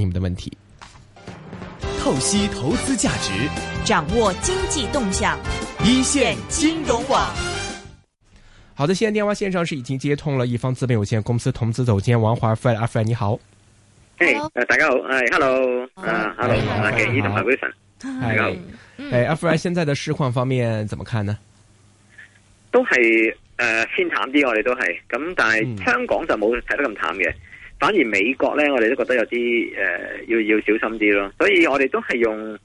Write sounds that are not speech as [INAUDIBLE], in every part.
你們的問題，透析投資價值，掌握經濟動向，一線金融網。好的，現在電話線上是已經接通了。一方資本有限公司投資總監王華 fred 阿 Fred，你好，hello，大家好，哎、啊、，hello，啊、oh. uh,，hello，我是傑伊同埋威神。你好，哎，阿 Fred，現在的市況方面怎麼看呢？Uh, 都係誒，偏、uh, 淡啲，我哋都係，咁但係香港就冇睇得咁淡嘅。反而美國咧，我哋都覺得有啲誒、呃，要要小心啲咯。所以我哋都係用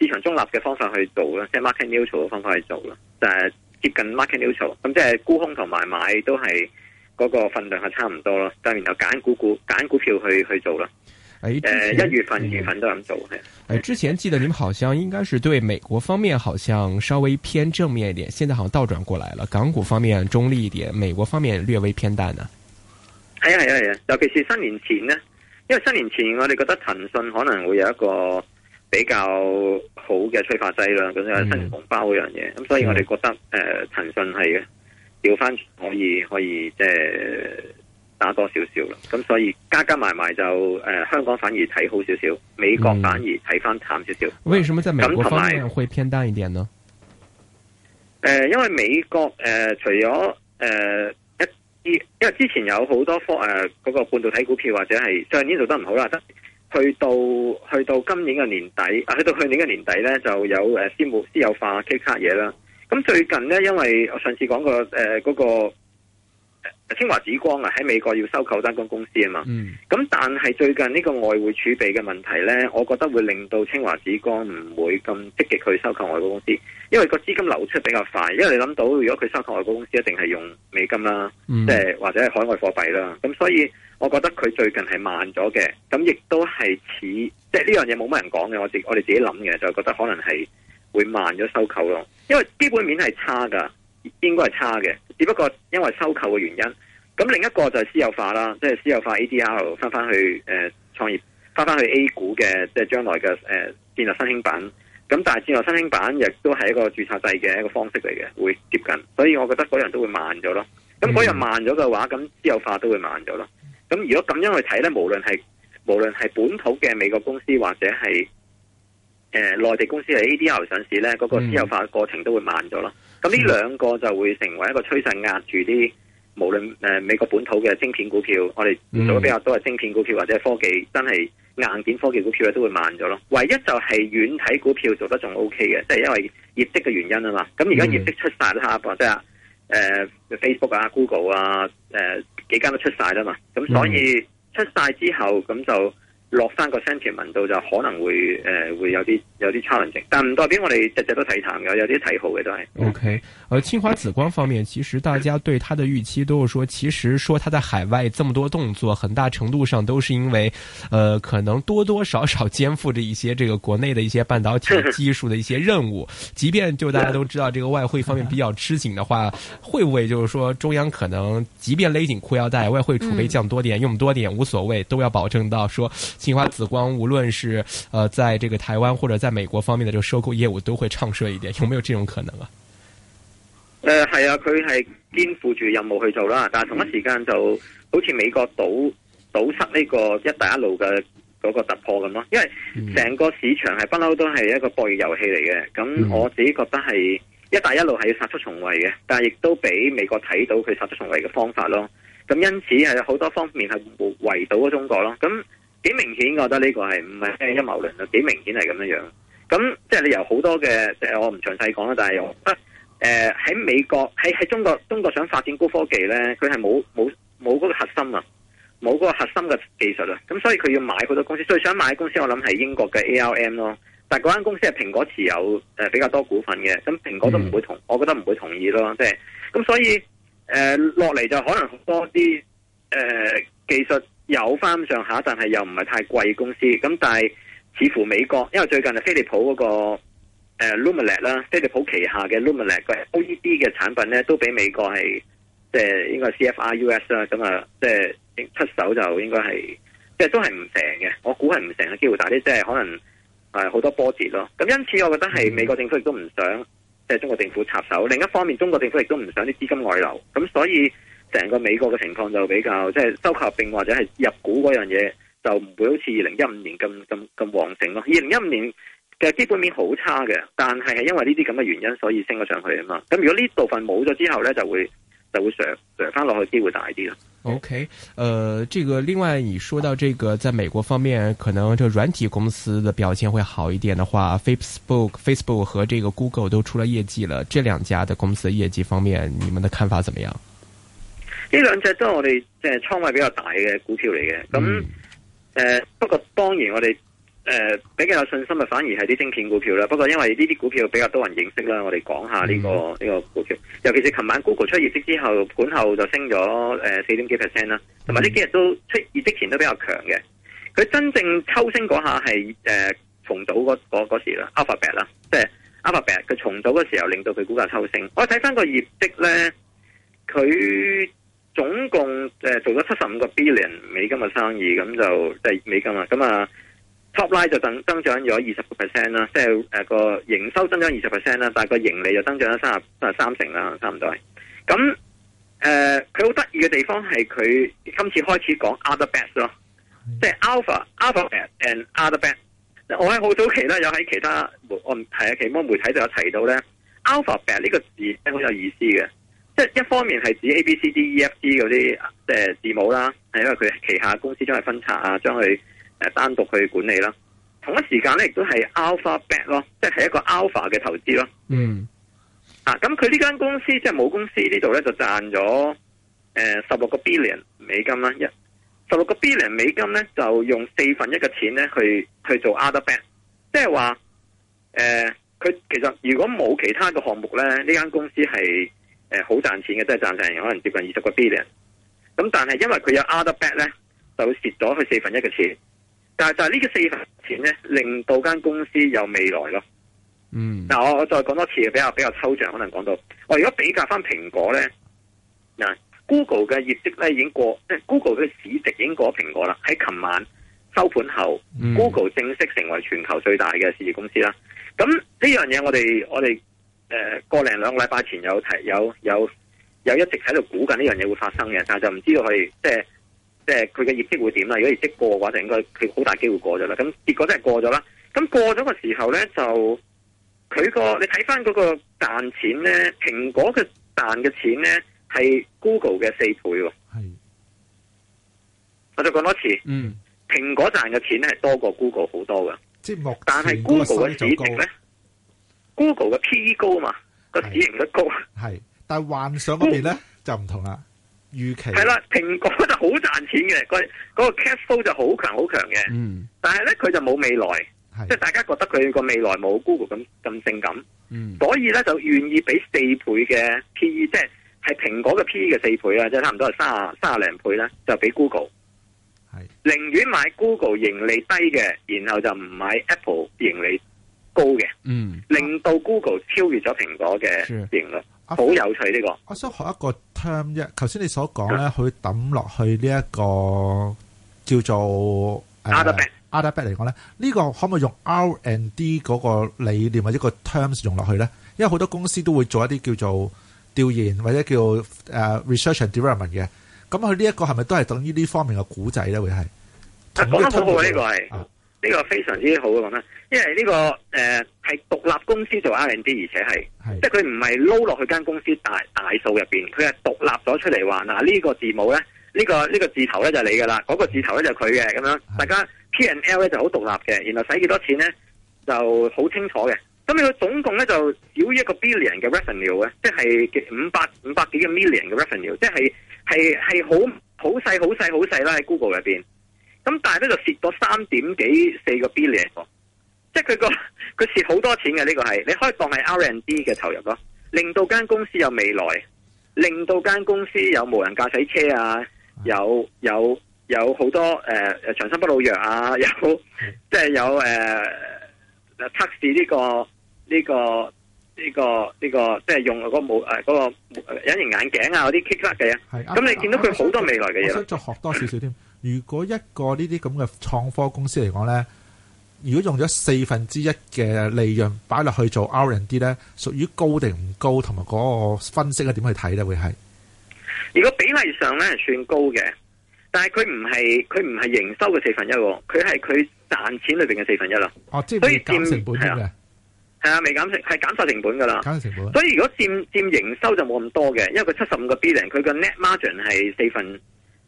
市場中立嘅方法去做啦，即係 market neutral 嘅方法去做啦，但係、呃、接近 market neutral、嗯。咁即係沽空同埋買,買都係嗰、那個份量係差唔多咯。但然後揀股股揀股票去去做啦，誒、哎呃，一月份、二、哎、月份都咁做係、哎。之前記得你們好像應該是對美國方面好像稍微偏正面一點，現在好像倒轉過嚟了。港股方面中立一點，美國方面略微偏淡呢、啊係啊係啊係啊！尤其是新年前呢。因為新年前我哋覺得騰訊可能會有一個比較好嘅催化劑啦，咁、嗯、樣新年紅包嗰樣嘢，咁、嗯、所以我哋覺得誒、呃、騰訊係調翻可以可以即、呃、打多少少啦，咁所以加加埋埋就誒、呃、香港反而睇好少少，美國反而睇翻淡少少、嗯。為什麼在美國方面會偏淡一點呢？誒、呃，因為美國誒、呃、除咗誒。呃因為之前有好多科誒，嗰個半導體股票或者係上年做得唔好啦，得去到去到今年嘅年底，啊，去到去年嘅年底咧，就有誒私募私有化 K 卡嘢啦。咁最近咧，因為我上次講過誒，嗰、呃嗰個。清華紫光啊，喺美國要收購單個公司啊嘛。咁、嗯、但係最近呢個外匯儲備嘅問題咧，我覺得會令到清華紫光唔會咁積極去收購外國公司，因為個資金流出比較快。因為你諗到，如果佢收購外國公司，一定係用美金啦，即、嗯、係或者係海外貨幣啦。咁所以我覺得佢最近係慢咗嘅。咁亦都係似，即係呢樣嘢冇乜人講嘅。我哋我哋自己諗嘅，就係覺得可能係會慢咗收購咯。因為基本面係差㗎，應該係差嘅。只不過因為收購嘅原因，咁另一個就係私有化啦，即、就、係、是、私有化 ADR 翻翻去誒創、呃、業，翻翻去 A 股嘅，即係將來嘅誒戰略新興板。咁但係戰略新興板亦都係一個註冊制嘅一個方式嚟嘅，會接近，所以我覺得嗰樣都會慢咗咯。咁嗰日慢咗嘅話，咁私有化都會慢咗咯。咁如果咁樣去睇咧，無論係無論係本土嘅美國公司或者係誒內地公司喺 ADR 的上市咧，嗰、那個私有化嘅過程都會慢咗咯。嗯嗯咁呢兩個就會成為一個趨勢，壓住啲無論誒美國本土嘅晶片股票，我哋做得比較多係晶片股票或者係科技，真係硬件科技股票都會慢咗咯。唯一就係軟體股票做得仲 O K 嘅，即係因為業績嘅原因啊嘛。咁而家業績出晒啦，嗯、或者係誒、呃、Facebook 啊、Google 啊、呃，幾間都出晒啦嘛。咁所以出晒之後，咁就。落翻個 sentiment 度，就可能會誒、呃、會有啲有啲 challenge，但唔代表我哋日日都睇淡嘅，有啲睇好嘅都係。O K，而清華紫光方面，其實大家對它的預期都是說，其實說它在海外這麼多動作，很大程度上都是因為，呃，可能多多少少肩負着一些這個國內的一些半導體技術的一些任務。 [LAUGHS] 即便就大家都知道這個外匯方面比較吃緊的話，會唔會就是說中央可能即便勒緊褲腰帶，外匯儲備降多點、嗯、用多點無所謂，都要保證到說。清華紫光無論是、呃，在這個台灣或者在美國方面的收購業務都會暢順一點，有沒有這種可能啊？誒、呃，係啊，佢係肩負住任務去做啦，但係同一時間就好似美國堵堵、嗯、塞呢個一帶一路嘅嗰個突破咁咯，因為成個市場係不嬲都係一個博弈遊戲嚟嘅，咁我自己覺得係一帶一路係要殺出重圍嘅，但係亦都俾美國睇到佢殺出重圍嘅方法咯，咁因此係好多方面係圍堵中國咯，咁。幾明顯，我覺得呢個係唔係咩陰謀論咯？幾明顯係咁樣樣。咁即係你由好多嘅，即係我唔詳細講啦。但係我覺得，誒、呃、喺美國喺喺中國，中國想發展高科技咧，佢係冇冇冇嗰個核心啊，冇嗰個核心嘅技術啊。咁所以佢要買好多公司，最想買嘅公司，我諗係英國嘅 ARM 咯。但係嗰間公司係蘋果持有誒比較多股份嘅，咁蘋果都唔會同，我覺得唔會同意咯。即係咁，所以誒落嚟，就可能多啲誒、呃、技術。有翻咁上下，但係又唔係太貴公司。咁但係似乎美國，因為最近係飛利浦嗰、嗰個 Lumile 啦，飛、呃、利浦旗下嘅 Lumile 嘅 OED 嘅產品咧，都俾美國係即係應該係 C F R U S 啦。咁啊，即係出手就應該係即係都係唔成嘅。我估係唔成嘅機會大啲，即係可能係好多波折咯。咁因此，我覺得係美國政府亦都唔想即係中國政府插手。另一方面，中國政府亦都唔想啲資金外流。咁所以。成個美國嘅情況就比較即係、就是、收購併或者係入股嗰樣嘢，就唔會好似二零一五年咁咁咁旺盛咯。二零一五年嘅基本面好差嘅，但係係因為呢啲咁嘅原因，所以升咗上去啊嘛。咁如果呢部分冇咗之後咧，就會就會上上翻落去機會大啲咯。OK，誒、呃，這個另外你說到這個在美國方面，可能這軟體公司的表現會好一點的話，Facebook、Facebook 和這個 Google 都出了業績了。這兩家的公司的業績方面，你們的看法怎麼樣？呢兩隻都係我哋即係倉位比較大嘅股票嚟嘅，咁誒、嗯呃，不過當然我哋誒、呃、比較有信心嘅，反而係啲晶片股票啦。不過因為呢啲股票比較多人認識啦，我哋講一下呢、這個呢、嗯這個股票。尤其是琴晚 Google 出業績之後，盤後就升咗誒四點幾 percent 啦、嗯，同埋呢幾日都出業績前都比較強嘅。佢真正抽升嗰下係誒、呃、重組嗰嗰嗰時啦，Alphabet 啦，即係 Alphabet，佢重組嘅時候令到佢股價抽升。我睇翻個業績咧，佢。總共誒做咗七十五個 billion 美金嘅生意，咁就即係、就是、美金啊，咁、就是呃、啊 top line 就增增長咗二十個 percent 啦，即係誒個營收增長二十 percent 啦，但係個盈利就增長咗三十三成啦，差唔多。咁、嗯、誒，佢好得意嘅地方係佢今次開始講 other bets 咯，即係 alpha、mm. alphabet and other bets 我喺好早期咧，有喺其他媒係啊，期多媒體就有提到咧，alphabet 呢個字真係好有意思嘅。一方面係指 A、B、呃、C、D、E、F、G 嗰啲即係字母啦，係因為佢旗下公司將佢分拆啊，將佢誒、呃、單獨去管理啦。同一時間咧，亦都係 alpha bet 咯，即係一個 alpha 嘅投資咯。嗯。嚇、啊！咁佢呢間公司即係母公司呢度咧就賺咗誒十六個 billion 美金啦，一十六個 billion 美金咧就用四分一嘅錢咧去去做 other bet，即係話誒佢其實如果冇其他嘅項目咧，呢間公司係。誒、呃，好賺錢嘅真係賺成可能接近二十個 billion，咁、嗯、但係因為佢有 other bad 咧，就蝕咗佢四分一嘅錢。但係就係呢個四分錢咧，令到間公司有未來咯。嗯，嗱、啊、我我再講多次比較比較抽象，可能講到我而家比較翻蘋果咧，嗱、啊、Google 嘅業績咧已經過，即係 Google 嘅市值已經過咗蘋果啦。喺琴晚收盤後、嗯、，Google 正式成為全球最大嘅市值公司啦。咁、啊、呢樣嘢我哋我哋。誒、呃，過零兩個禮拜前有提，有有有一直喺度估緊呢樣嘢會發生嘅，但係就唔知道佢即係即係佢嘅業績會點啦。如果業績過嘅話，就應該佢好大機會過咗啦。咁結果真係過咗啦。咁過咗嘅時候咧，就佢個你睇翻嗰個賺錢咧，蘋果嘅賺嘅錢咧係 Google 嘅四倍喎。係，我再講多次，嗯，蘋果賺嘅錢係多過 Google 好多噶即係目，但係 Google 嘅市值咧。Google 嘅 PE 高嘛，個市盈率高，係，但係幻想嗰邊咧就唔同啦。預期係啦，蘋果就好賺錢嘅，嗰、那、嗰個 cash flow 就好強好強嘅。嗯，但係咧佢就冇未來，即係大家覺得佢個未來冇 Google 咁咁性感。嗯，所以咧就願意俾四倍嘅 PE 即係係蘋果嘅 PE 嘅四倍啦，即係差唔多係三啊三啊零倍啦，就俾、就是、Google。係寧願買 Google 盈利低嘅，然後就唔買 Apple 盈利低。高嘅，嗯，令到 Google 超越咗蘋果嘅型咯，好有趣呢、啊這個。我想學一個 term 啫，頭先你所講咧，佢抌落去呢一個叫做、啊啊、阿德貝阿德貝嚟講咧，呢、這個可唔可以用 R and D 嗰個理念或者個 terms 用落去咧？因為好多公司都會做一啲叫做調研或者叫誒、uh, research and development 嘅，咁佢呢、啊、一個係咪都係等於呢方面嘅古仔咧？會係講下初步呢個係。啊呢、這個非常之好嘅講啦，因為呢、這個誒係獨立公司做 R&D，而且係即係佢唔係撈落去間公司大大數入邊，佢係獨立咗出嚟話嗱，呢、呃這個字母咧，呢、這個呢、這個字頭咧就你嘅啦，嗰、那個字頭咧就佢嘅咁樣。大家 P&L 咧就好獨立嘅，然後使幾多錢咧就好清楚嘅。咁你佢總共咧就少於一個 billion 嘅 revenue 嘅，即係五百五百幾個 million 嘅 revenue，即係係係好好細好細好細啦喺 Google 入邊。咁但係咧就蝕咗三點幾四個 billion，即係佢個佢蝕好多錢嘅，呢、這個係，你可以當係 R and D 嘅投入咯，令到間公司有未來，令到間公司有無人駕駛車啊，有有有好多誒、呃、長生不老藥啊，有即係有誒測試呢個呢、這個呢、這個呢、這個即係用嗰個冇誒嗰個隱形眼鏡啊嗰啲技術嘅，咁你見到佢好多未來嘅嘢，咁再學多少少添。如果一個呢啲咁嘅創科公司嚟講咧，如果用咗四分之一嘅利潤擺落去做 R&D 咧，屬於高定唔高，同埋嗰個分析咧點去睇咧會係？如果比例上咧係算高嘅，但係佢唔係佢唔係營收嘅四分一，佢係佢賺錢裏邊嘅四分一啦。哦，即係減成本嘅，係啊，未減成係減晒成本噶啦，減成本。所以如果佔佔營收就冇咁多嘅，因為佢七十五個 billion 佢個 net margin 係四分。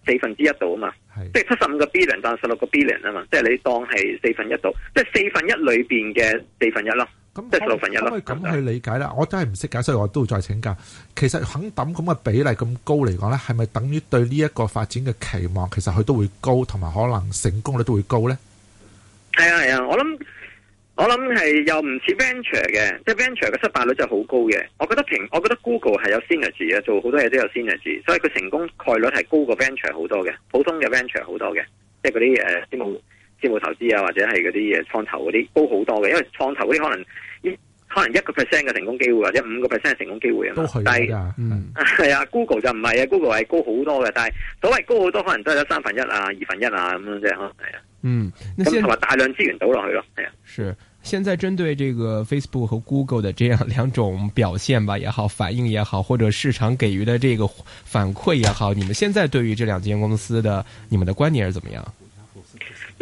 四分之一度啊嘛，嘛，即係七十五個 b 零，但十六個 b 零啊嘛，即係你當係四分一度，即係四分一裏邊嘅四分一咯，即係十六分一咯。可以咁去理解啦，我真係唔識解釋，所以我都會再請教。其實肯抌咁嘅比例咁高嚟講咧，係咪等於對呢一個發展嘅期望，其實佢都會高，同埋可能成功率都會高咧？係啊，係啊，我諗。我諗係又唔似 venture 嘅，即係 venture 嘅失敗率就好高嘅。我覺得平，我覺得 Google 係有 synergy 嘅，做好多嘢都有 synergy，所以佢成功概率係高過 venture 好多嘅。普通嘅 venture 好多嘅，即係嗰啲誒，私募、私募投資啊，或者係嗰啲誒，創投嗰啲高好多嘅。因為創投嗰啲可能一可能一個 percent 嘅成功機會或者五個 percent 嘅成功機會啊，低係噶，係啊、嗯。Google 就唔係啊，Google 係高好多嘅，但係所謂高好多可能都係得三分一啊、二分一啊咁樣啫，係啊。嗯，先同埋大量資源倒落去咯，係啊。是，現在針對這個 Facebook 和 Google 的這樣兩種表現吧，也好，反應也好，或者市場給予的這個反饋也好，你們現在對於這兩間公司的你們的觀念是怎麼樣？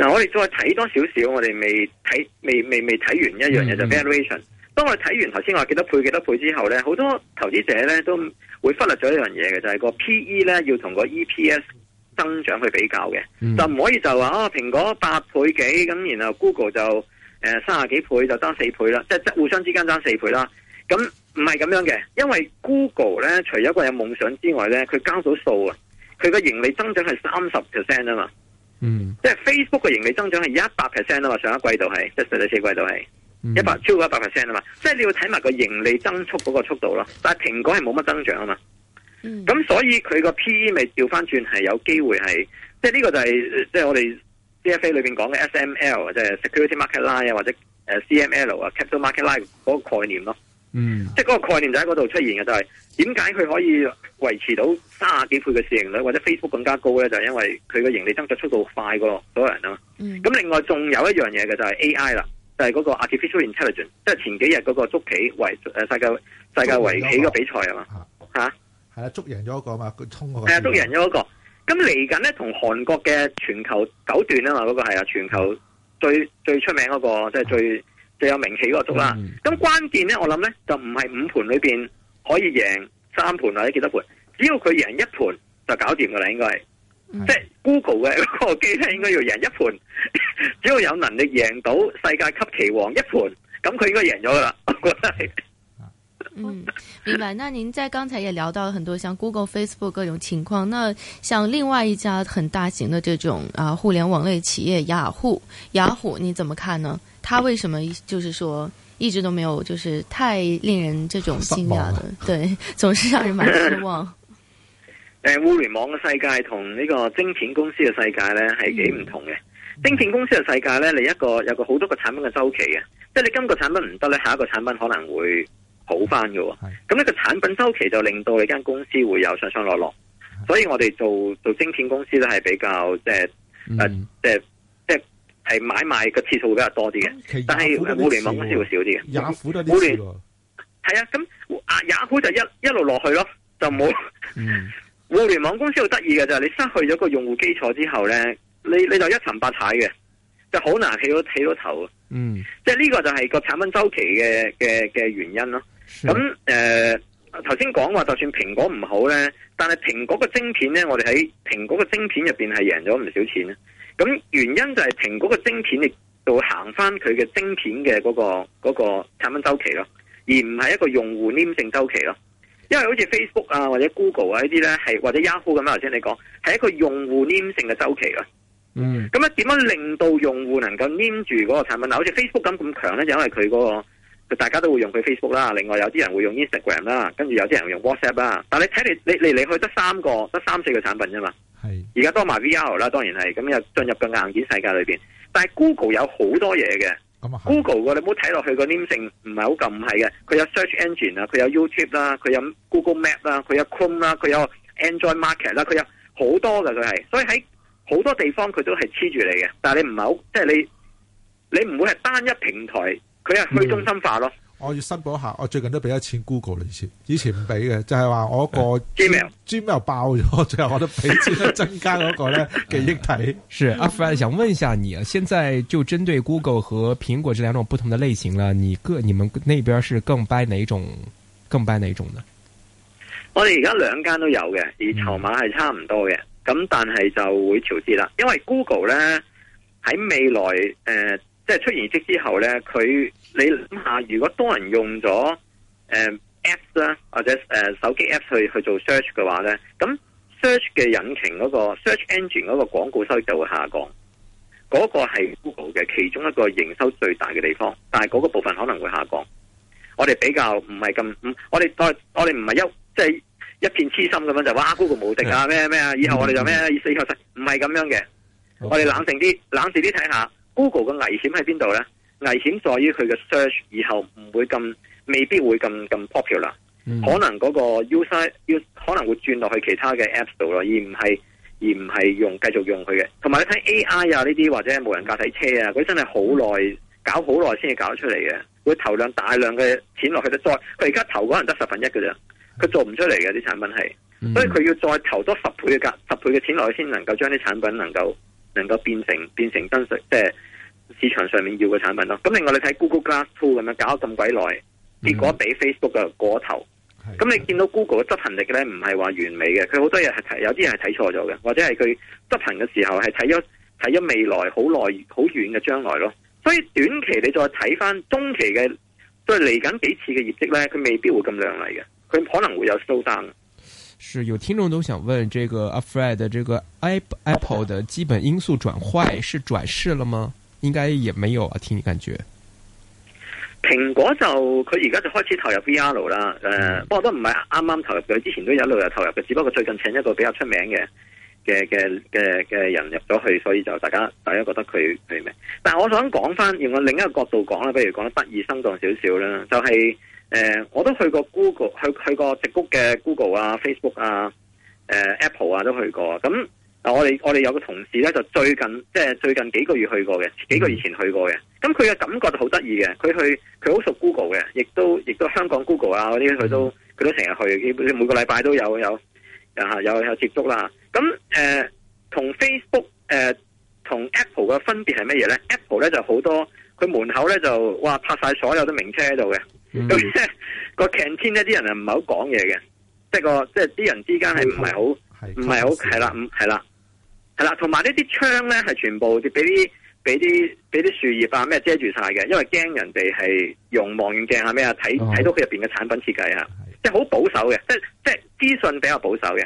嗱、嗯，我哋再睇多少少，我哋未睇，未未未睇完一樣嘢就 valuation。當我哋睇完頭先話幾多倍幾多倍之後咧，好多投資者咧都會忽略咗一樣嘢嘅，就係個 P E 咧要同個 E P S。增長去比較嘅、嗯，就唔可以就話哦，蘋果八倍幾，咁然後 Google 就誒、呃、三十幾倍就爭四倍啦，即係即互相之間爭四倍啦。咁唔係咁樣嘅，因為 Google 咧除咗一個有夢想之外咧，佢交到數啊，佢個盈利增長係三十 percent 啊嘛，嗯，即係 Facebook 嘅盈利增長係一百 percent 啊嘛，上一季度係即係上第四季度係一百超過一百 percent 啊嘛，即係你要睇埋個盈利增速嗰個速度咯。但係蘋果係冇乜增長啊嘛。咁、嗯、所以佢個 P E 咪調翻轉係有機會係，即係呢個就係即係我哋 C F A 裏邊講嘅 S M L 即係 Security Market Line 啊，或者誒 C M L 啊 Capital Market Line 嗰個概念咯。嗯，即係嗰個概念就喺嗰度出現嘅，就係點解佢可以維持到三十幾倍嘅市盈率，或者 Facebook 更加高咧？就係，因為佢個盈利增長速度快過所、那個，嗯、有人、就是、啊。咁另外仲有一樣嘢嘅就係 A I 啦，就係嗰個 Artificial Intelligence 即係前幾日嗰個捉棋圍誒世界世界圍棋個比賽啊嘛吓。係啦、啊，捉贏咗一個嘛，佢通過。係啊，捉贏咗一個。咁嚟緊咧，同韓國嘅全球九段啊嘛，嗰、那個係啊，全球最最出名嗰、那個，即、嗯、係、就是、最最有名氣嗰個捉啦。咁、嗯、關鍵咧，我諗咧就唔係五盤裏邊可以贏三盤或者幾多盤，只要佢贏一盤就搞掂噶啦，應該係。即係、就是、Google 嘅個機咧，應該要贏一盤，只要有能力贏到世界級棋王一盤，咁佢應該贏咗噶啦，我覺得係。 [LAUGHS] 嗯，明白。那您在剛才也聊到了很多像 Google、Facebook 各種情況。那像另外一家很大型的這種啊互聯網類企業雅虎，雅虎 [LAUGHS] 你怎麼看呢？它為什麼就是說一直都沒有就是太令人這種驚訝的？ [LAUGHS] 對，總是讓人蠻失望。 [LAUGHS] 呃互聯網嘅世界同呢個精品公司嘅世界呢，係幾唔同嘅。嗯、精品公司嘅世界呢，你一個有個好多個產品嘅周期嘅，啊，即係你今個產品唔得咧，下一個產品可能會。補翻嘅，咁呢個產品周期就令到你間公司會有上上落落，所以我哋做做晶片公司咧係比較、呃嗯、即係誒即係即係係買賣嘅次數會比較多啲嘅，但係互聯網公司會少啲嘅。雅虎多啲互係啊，咁雅虎就一一路落去咯，就冇。嗯、互聯網公司好得意嘅就係你失去咗個用戶基礎之後咧，你你就一沉百踩嘅，就好難起到起到頭。嗯，即係呢個就係個產品周期嘅嘅嘅原因咯。咁、嗯、誒，頭先講話，就算蘋果唔好咧，但係蘋果個晶片咧，我哋喺蘋果個晶片入邊係贏咗唔少錢咧。咁原因就係蘋果個晶片係到行翻佢嘅晶片嘅嗰、嗰個嗰、嗰個產品周期咯，而唔係一個用戶黏性周期咯。因為好似 Facebook 啊或者 Google 啊呢啲咧係，或者 Yahoo 咁樣，頭先你講係一個用戶黏性嘅周期咯。嗯，咁啊點樣令到用戶能夠黏住嗰個產品？嗱、啊，好似 Facebook 咁咁強咧，就因為佢嗰個。大家都會用佢 Facebook 啦，另外有啲人會用 Instagram 啦，跟住有啲人會用 WhatsApp 啦。但你睇嚟，你嚟嚟去得三個，得三四個產品啫嘛。係，而家多埋 VR 啦，當然係咁又進入個硬件世界裏邊。但係 Google 有好多嘢嘅，嗯，Google 個你冇睇落去個黏性唔係好咁係嘅。佢有 search engine 啦，佢有 YouTube 啦，佢有 Google Map 啦，佢有 Chrome 啦，佢有 Android Market 啦，佢有好多㗎佢係。所以喺好多地方佢都係黐住你嘅，但係你唔係好即係你，你唔會係單一平台。佢係去中心化咯、嗯。我要申報一下，我最近都俾咗錢 Google 嚟。以前以前唔俾嘅，就係、是、話我個 gmail、啊、gmail 爆咗，最後我都俾咗增加我嗰粒記憶體。是阿 Fred 想問一下你啊，現在就針對 Google 和蘋果這兩種不同的類型啦，你個你們那邊是更 buy 哪種，更 buy 哪種呢？我哋而家兩間都有嘅，而籌碼係差唔多嘅，咁、嗯、但係就會調節啦，因為 Google 咧喺未來誒。呃即係出完績之後呢，佢你諗下，如果多人用咗、呃、Apps 啦，或者誒、呃、手機 Apps 去去做 search 嘅話呢，咁 search 嘅引擎嗰、那個那個 search engine 嗰個廣告收益就會下降。嗰、那個係 Google 嘅其中一個營收最大嘅地方，但係嗰個部分可能會下降。我哋比較唔係咁，我哋我我哋唔係一即係、就是、一片痴心咁樣就是、哇 Google 冇敵啊咩咩啊，以後我哋就咩四六七，唔係咁樣嘅。我哋冷靜啲，冷靜啲睇下。Google 嘅危險喺邊度呢？危險在於佢嘅 search 以後唔會咁，未必會咁咁 popular，嗯。可能嗰個 user 要可能會轉落去其他嘅 apps 度咯，而唔係而唔係用繼續用佢嘅。同埋你睇 AI 啊呢啲或者無人駕駛車啊，佢真係好耐搞好耐先至搞得出嚟嘅，會投量大量嘅錢落去。再佢而家投可能得十分一嘅啫，佢做唔出嚟嘅啲產品係，所以佢要再投多十倍嘅價，十倍嘅錢落去先能夠將啲產品能夠。能夠變成變成真實，即係市場上面要嘅產品咯。咁另外你睇 Google Glass Two 咁樣搞咗咁鬼耐，結果俾 Facebook 嘅過頭。咁、嗯、你見到 Google 嘅執行力咧，唔係話完美嘅，佢好多嘢係睇，有啲嘢係睇錯咗嘅，或者係佢執行嘅時候係睇咗睇咗未來好耐好遠嘅將來咯。所以短期你再睇翻中期嘅，再係嚟緊幾次嘅業績咧，佢未必會咁亮麗嘅，佢可能會有 slow down 是有聽眾都想問，這個阿 Fred，這個 Apple 的基本因素轉壞是轉世轉勢了嗎？應該也沒有啊，聽你感覺。蘋果就佢而家就開始投入 VR 啦，誒、呃，嗯、不過都唔係啱啱投入，佢之前都有一路有投入嘅，只不過最近請一個比較出名嘅嘅嘅嘅嘅人入咗去，所以就大家大家覺得佢佢咩佢係咩？但係我想講翻，用我另一個角度講啦，比如說說得不如講得意生動少少啦，就係、是。誒、呃，我都去過 Google，去去過直谷嘅 Google 啊、Facebook 啊、誒、呃、Apple 啊，都去過。咁啊，我哋我哋有個同事咧，就最近即係、就是、最近幾個月去過嘅，幾個月前去過嘅。咁佢嘅感覺就好得意嘅。佢去佢好熟 Google 嘅，亦都亦都香港 Google 啊嗰啲，佢都佢都成日去，基本每個禮拜都有有有有接觸啦。咁誒，同、呃、Facebook 誒、呃，同 Apple 嘅分別係乜嘢咧？Apple 咧就好多，佢門口咧就哇拍晒所有啲名車喺度嘅。咁、嗯、咧， [LAUGHS] 個 canteen 啲人啊唔係好講嘢嘅，即係個即係啲人之間係唔係好唔係好係啦，唔係啦，係、嗯、啦，同埋呢啲窗咧係全部就俾啲俾啲俾啲樹葉啊咩遮住晒嘅，因為驚人哋係用望遠鏡嚇咩啊睇睇、嗯、到佢入邊嘅產品設計嚇、嗯，即係好保守嘅，即即資訊比較保守嘅。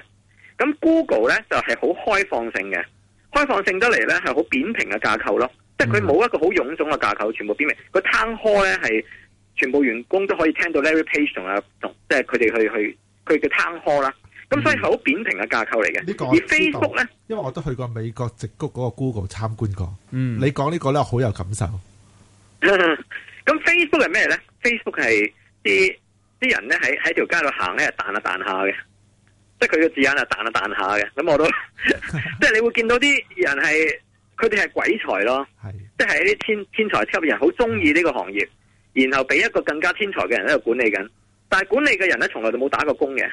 咁 Google 咧就係、是、好開放性嘅，開放性得嚟咧係好扁平嘅架構咯、嗯，即係佢冇一個好臃腫嘅架構，全部扁平，個攤開咧係。全部員工都可以聽到 Larry Page 同阿即係佢哋去去佢嘅 town hall 啦。咁、啊嗯、所以係好扁平嘅架構嚟嘅、嗯。而 Facebook 咧，因為我都去過美國直谷嗰個 Google 參觀過。嗯，你講呢、呢個咧，我好有感受。咁、嗯嗯、Facebook 係咩咧？Facebook 係啲啲人咧喺喺條街度行咧彈一彈下嘅，即係佢嘅字眼啊彈一彈下嘅。咁我都即係，你會見到啲人係佢哋係鬼才咯，即係啲天天才級人好中意呢個行業。嗯然後俾一個更加天才嘅人喺度管理緊，但係管理嘅人咧，從來就冇打過工嘅，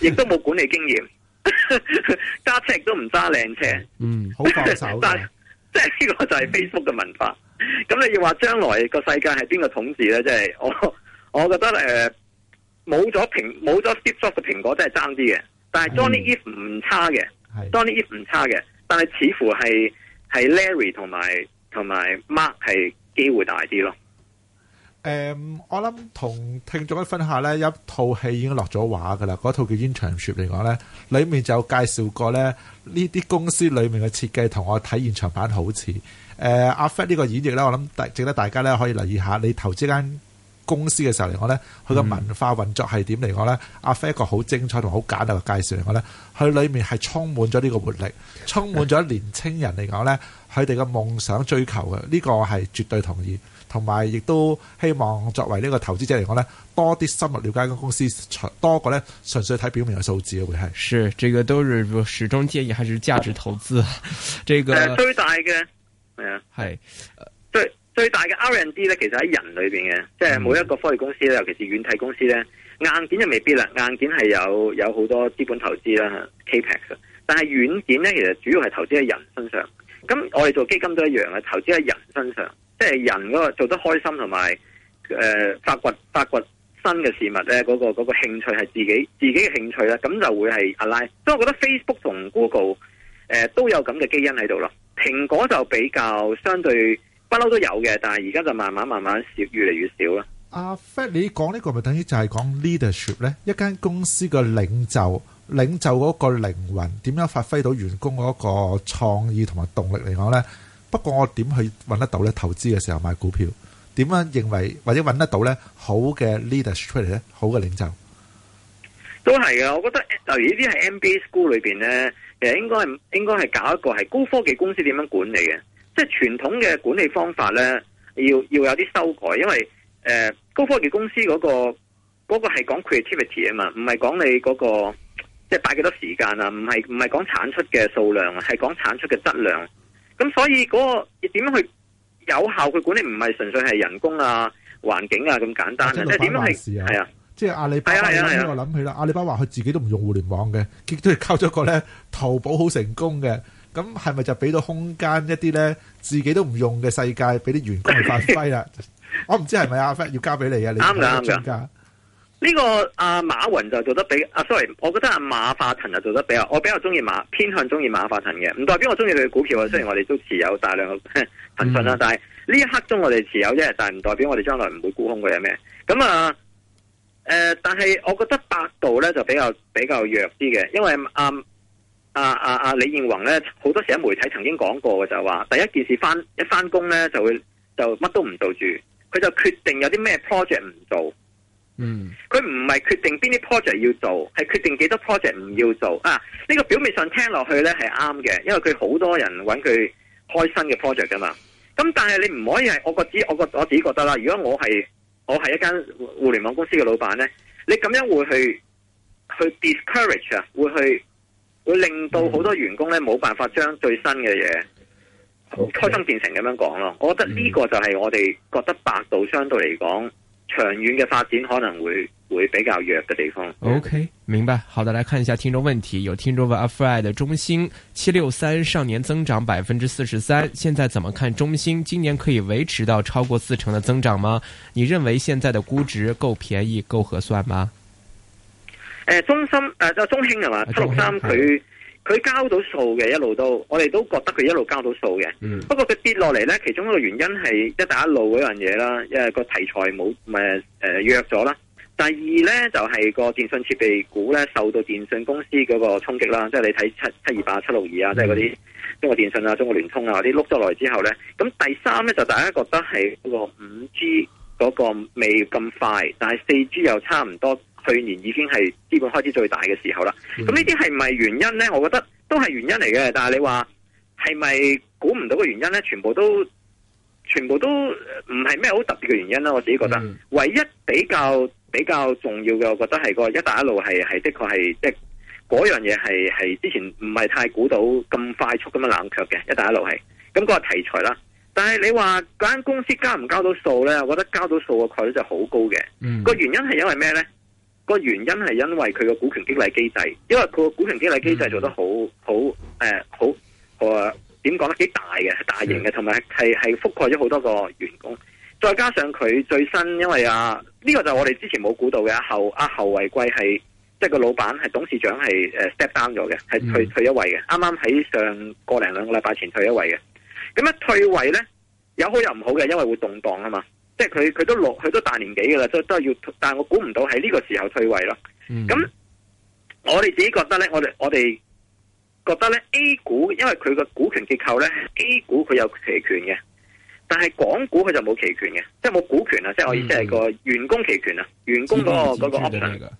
亦都冇管理經驗，揸 [LAUGHS] 車 [LAUGHS] 都唔揸靚車。嗯，好放手嘅 [LAUGHS] 但即係呢個就係 Facebook 嘅文化。咁、嗯、你要話將來個世界係邊個統治咧？即係我我覺得誒，冇咗蘋冇咗 Steve Jobs 嘅蘋果真係爭啲嘅，但係 Donny Eve 唔差嘅，Donny Eve 唔差嘅，但係似乎係係 Larry 同埋同埋 Mark 係機會大啲咯。誒、嗯，我諗同聽眾一分享呢有一套戲已經落咗畫㗎啦。嗰套叫 internship《internship 嚟講呢裏面就介紹過呢呢啲公司裏面嘅設計，同我睇現場版好似。誒、呃，阿 Fred 呢個演繹呢，我諗值得大家呢可以留意下。你投資間公司嘅時候嚟講呢，佢嘅文化運作係點嚟講呢？阿、uh、Fred -huh. 啊、一個好精彩同好簡單嘅介紹嚟講呢，佢裏面係充滿咗呢個活力，充滿咗年青人嚟講呢，佢哋嘅夢想追求嘅呢、這個係絕對同意。同埋，亦都希望作為呢個投資者嚟講咧，多啲深入了解個公司，多過咧純粹睇表面嘅數字嘅會係。是，這個都是始終建議，還是價值投資。這個呃、最大嘅係啊，係、呃、最最大嘅 R&D 咧，其實喺人裏面嘅，即係每一個科技公司咧，尤其是軟體公司咧，硬件就未必啦，硬件係有有好多資本投資啦，capex。KPEX，但係軟件咧，其實主要係投資喺人身上。咁我哋做基金都一樣嘅，投資喺人身上。即係人嗰個做得開心同埋，誒發掘發掘新嘅事物咧，嗰、那個嗰、那個興趣係自己自己嘅興趣咧，咁就會係 align。所以我覺得 Facebook 同 Google 誒都有咁嘅基因喺度咯。蘋果就比較相對不嬲都有嘅，但係而家就慢慢慢慢少，越嚟越少啦。阿、uh, Fred，你講呢個咪等於就係講 leadership 咧？一間公司嘅領袖，領袖嗰個靈魂點樣發揮到員工嗰個創意同埋動力嚟講咧？不過我點去揾得到咧？投資嘅時候買股票，點樣認為或者揾得到咧好嘅 leaders 出嚟咧？好嘅領袖都係啊。我覺得例如呢啲係 MBA school 裏邊呢，其實應該係應該係搞一個係高科技公司點樣管理嘅。即係傳統嘅管理方法呢，要要有啲修改，因為誒、呃、高科技公司嗰個嗰個係講 creativity 啊嘛，唔係講你嗰個即係擺幾多時間啊，唔係唔係講產出嘅數量啊，係講產出嘅質量。咁、嗯、所以嗰個點樣去有效去管理，唔係純粹係人工啊、環境啊咁簡單的。點樣係？事啊，係啊，即係阿里巴巴、啊啊啊、我諗起啦。阿里巴巴佢自己都唔用互聯網嘅，亦都係靠咗個咧淘寶好成功嘅。咁係咪就俾到空間一啲咧自己都唔用嘅世界，俾啲員工去發揮啦？ [LAUGHS] 我唔知係咪阿 Fat 要交俾你啊？啱唔啱噶？.呢、這個阿、啊、馬雲就做得比，啊 sorry，我覺得阿馬化騰就做得比較，我比較中意馬，偏向中意馬化騰嘅，唔代表我中意佢嘅股票啊、嗯。雖然我哋都持有大量嘅騰訊啦，但係呢一刻中我哋持有啫，但係唔代表我哋將來唔會沽空佢有咩。咁、嗯、啊，誒、呃，但係我覺得百度咧就比較比較弱啲嘅，因為阿阿、啊啊啊、李彥宏咧，好多時喺媒體曾經講過嘅就係話，第一件事翻一翻工咧就會就乜都唔做住，佢就決定有啲咩 project 唔做。嗯，佢唔係決定邊啲 project 要做，係決定幾多 project 唔要做啊？呢、這個表面上聽落去咧係啱嘅，因為佢好多人揾佢開新嘅 project 噶嘛。咁但係你唔可以係我覺我我自己覺得啦。如果我係我係一間互聯網公司嘅老闆咧，你咁樣會去去 discourage 啊，會去會令到好多員工咧冇辦法將最新嘅嘢，Okay，開心變成咁樣講咯。我覺得呢個就係我哋覺得百度相對嚟講。長遠嘅發展可能會會比較弱嘅地方。O、okay, K，明白。好的，來看一下聽眾問題，有聽眾問阿 Fred 的中興七六三上年增長百分之四十三，現在怎麼看中興？今年可以維持到超過四成的增長嗎？你認為現在的估值夠便宜、夠合算嗎？誒、呃，中芯誒，就中興係嘛？七六三佢。佢交到數嘅一路都，我哋都覺得佢一路交到數嘅、嗯。不過佢跌落嚟咧，其中一個原因係一打一路嗰樣嘢啦，因為個題材冇唔係誒約咗啦。第二咧就係，是，個電信設備股咧受到電信公司嗰個衝擊啦，即係你睇七七二八、七六二啊，即係嗰啲中國電信啊、中國聯通啊嗰啲碌咗落嚟之後咧。咁第三咧就大家覺得係個五 G 嗰個未咁快，但係四 G 又差唔多。去年已經係資本開支最大嘅時候啦。咁呢啲係咪原因呢？我覺得都係原因嚟嘅。但係你話係咪估唔到嘅原因呢？全部都全部都唔係咩好特別嘅原因啦。我自己覺得。mm -hmm. 唯一比較比較重要嘅，我覺得係個一帶一路係係的確係即係嗰樣嘢係係之前唔係太估到咁快速咁樣冷卻嘅一帶一路係咁個題材啦。但係你話嗰間公司交唔交到數呢？我覺得交到數嘅概率就好高嘅。Mm -hmm. 個原因係因為咩呢？個原因係因為佢個股權激勵機製，因為佢個股權激勵機製做得好、嗯嗯、好好誒好誒點講咧幾大嘅，大型嘅，同埋係係覆蓋咗好多個員工，再加上佢最新因為啊呢、呢個就係我哋之前冇估到嘅，阿、啊、侯阿、啊、侯為貴係即係個老闆係董事長係誒 step down 咗嘅，係退、嗯、退一位嘅，啱啱喺上個零兩個禮拜前退一位嘅，咁一退位咧有好有唔好嘅，因為會動盪啊嘛。即係佢佢都落去都大年紀噶啦，都都要，但係我估唔到喺呢個時候退位咯。咁、嗯、我哋自己覺得咧，我哋我哋覺得咧，A 股因為佢個股權結構咧，A 股佢有期權嘅，但係港股佢就冇期權嘅，即係冇股權啊、嗯！即係我意思係個員工期權啊，員工嗰、那個嗰、那個 option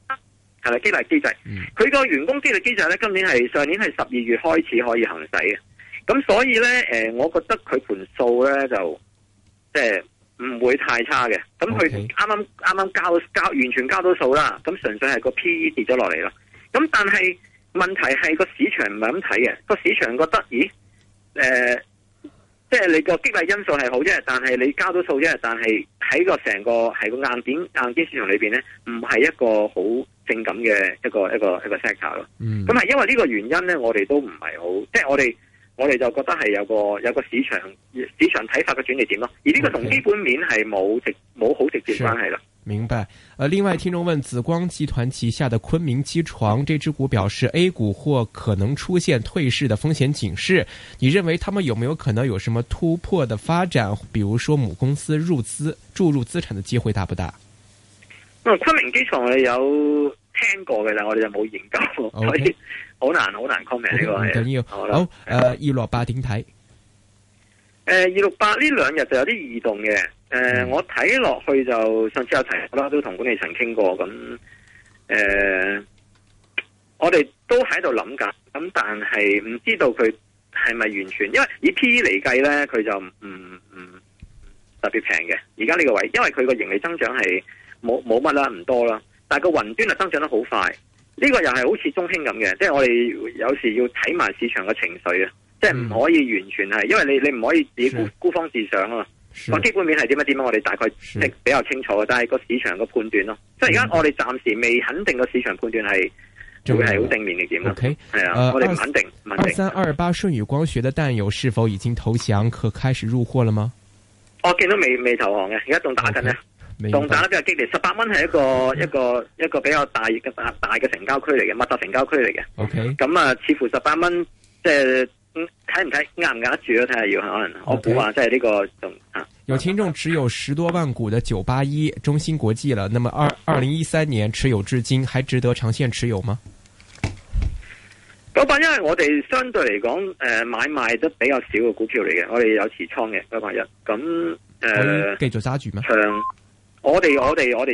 係咪激勵機制？佢、嗯、個員工激勵機制咧，今年係上年係十二月開始可以行使嘅，咁所以咧，誒、呃，我覺得佢盤數咧就即係。唔會太差嘅，咁佢啱啱啱啱交交完全交到數啦，咁純粹係個 P E 跌咗落嚟啦，咁但係問題係個市場唔係咁睇嘅，個市場覺得，咦，誒、呃，即係你個激勵因素係好啫，但係你交到數啫，但係喺個成個喺個硬件硬件市場裏邊咧，唔係一個好正咁嘅一個一個一個 sector 咯。咁、mm. 係因為呢個原因咧，我哋都唔係好，即係我哋。我哋就覺得係有個有個市場市場睇法嘅轉捩點咯，而呢個同基本面係冇直冇好直接關係啦。明白。呃，另外聽眾問：紫光集團旗下的昆明機床這隻股表示 A 股或可能出現退市的風險警示，你認為他們有沒有可能有什麼突破的發展？比如說母公司入資注入資產的機會大不大？啊，昆明機床咧有。聽過嘅啦，我哋就冇研究，okay. 所以難難 okay, 好難好難 comment 呢個好誒，二六八點睇？誒，二六八呢兩日就有啲異動嘅。誒、uh, mm.，我睇落去就上次有提，我都同管理層傾過咁。誒，uh, 我哋都喺度諗緊，咁但係唔知道佢係咪完全，因為以 PE 嚟計咧，佢就唔唔特別平嘅。而家呢個位，因為佢個盈利增長係冇冇乜啦，唔多啦。但個雲端啊增長得好快，呢，這個又係好似中興咁嘅，即係我哋有時要睇埋市場嘅情緒啊、嗯，即係唔可以完全係，因為你你唔可以自己孤孤芳自賞啊。基本面係點樣點樣，我哋大概即比較清楚嘅，但係個市場嘅判斷咯，即係而家我哋暫時未肯定個市場判斷係會係好正面嘅點 ok 係啊、呃，我哋唔肯，肯定。二三二八舜宇光學嘅彈友是否已經投降，可開始入貨了嗎？我見到未未投降嘅，而家仲打緊呢。okay, 動得比較激烈，十八蚊係一個一個一個比較大嘅大大嘅成交區嚟嘅密集成交區嚟嘅。OK，咁、嗯、啊，似乎十八蚊即係睇唔睇壓唔壓得住啊。睇、就、下、是、要可能，okay. 我估話即係呢個動吓、啊。有聽眾持有十多萬股嘅九八一中芯國際了，那麼二二零一三年持有至今，還值得長線持有嗎？九八一係我哋相對嚟講誒買賣得比較少嘅股票嚟嘅，我哋有持倉嘅九八一。咁誒、啊嗯呃、繼續揸住嗎？我哋，我哋，我哋。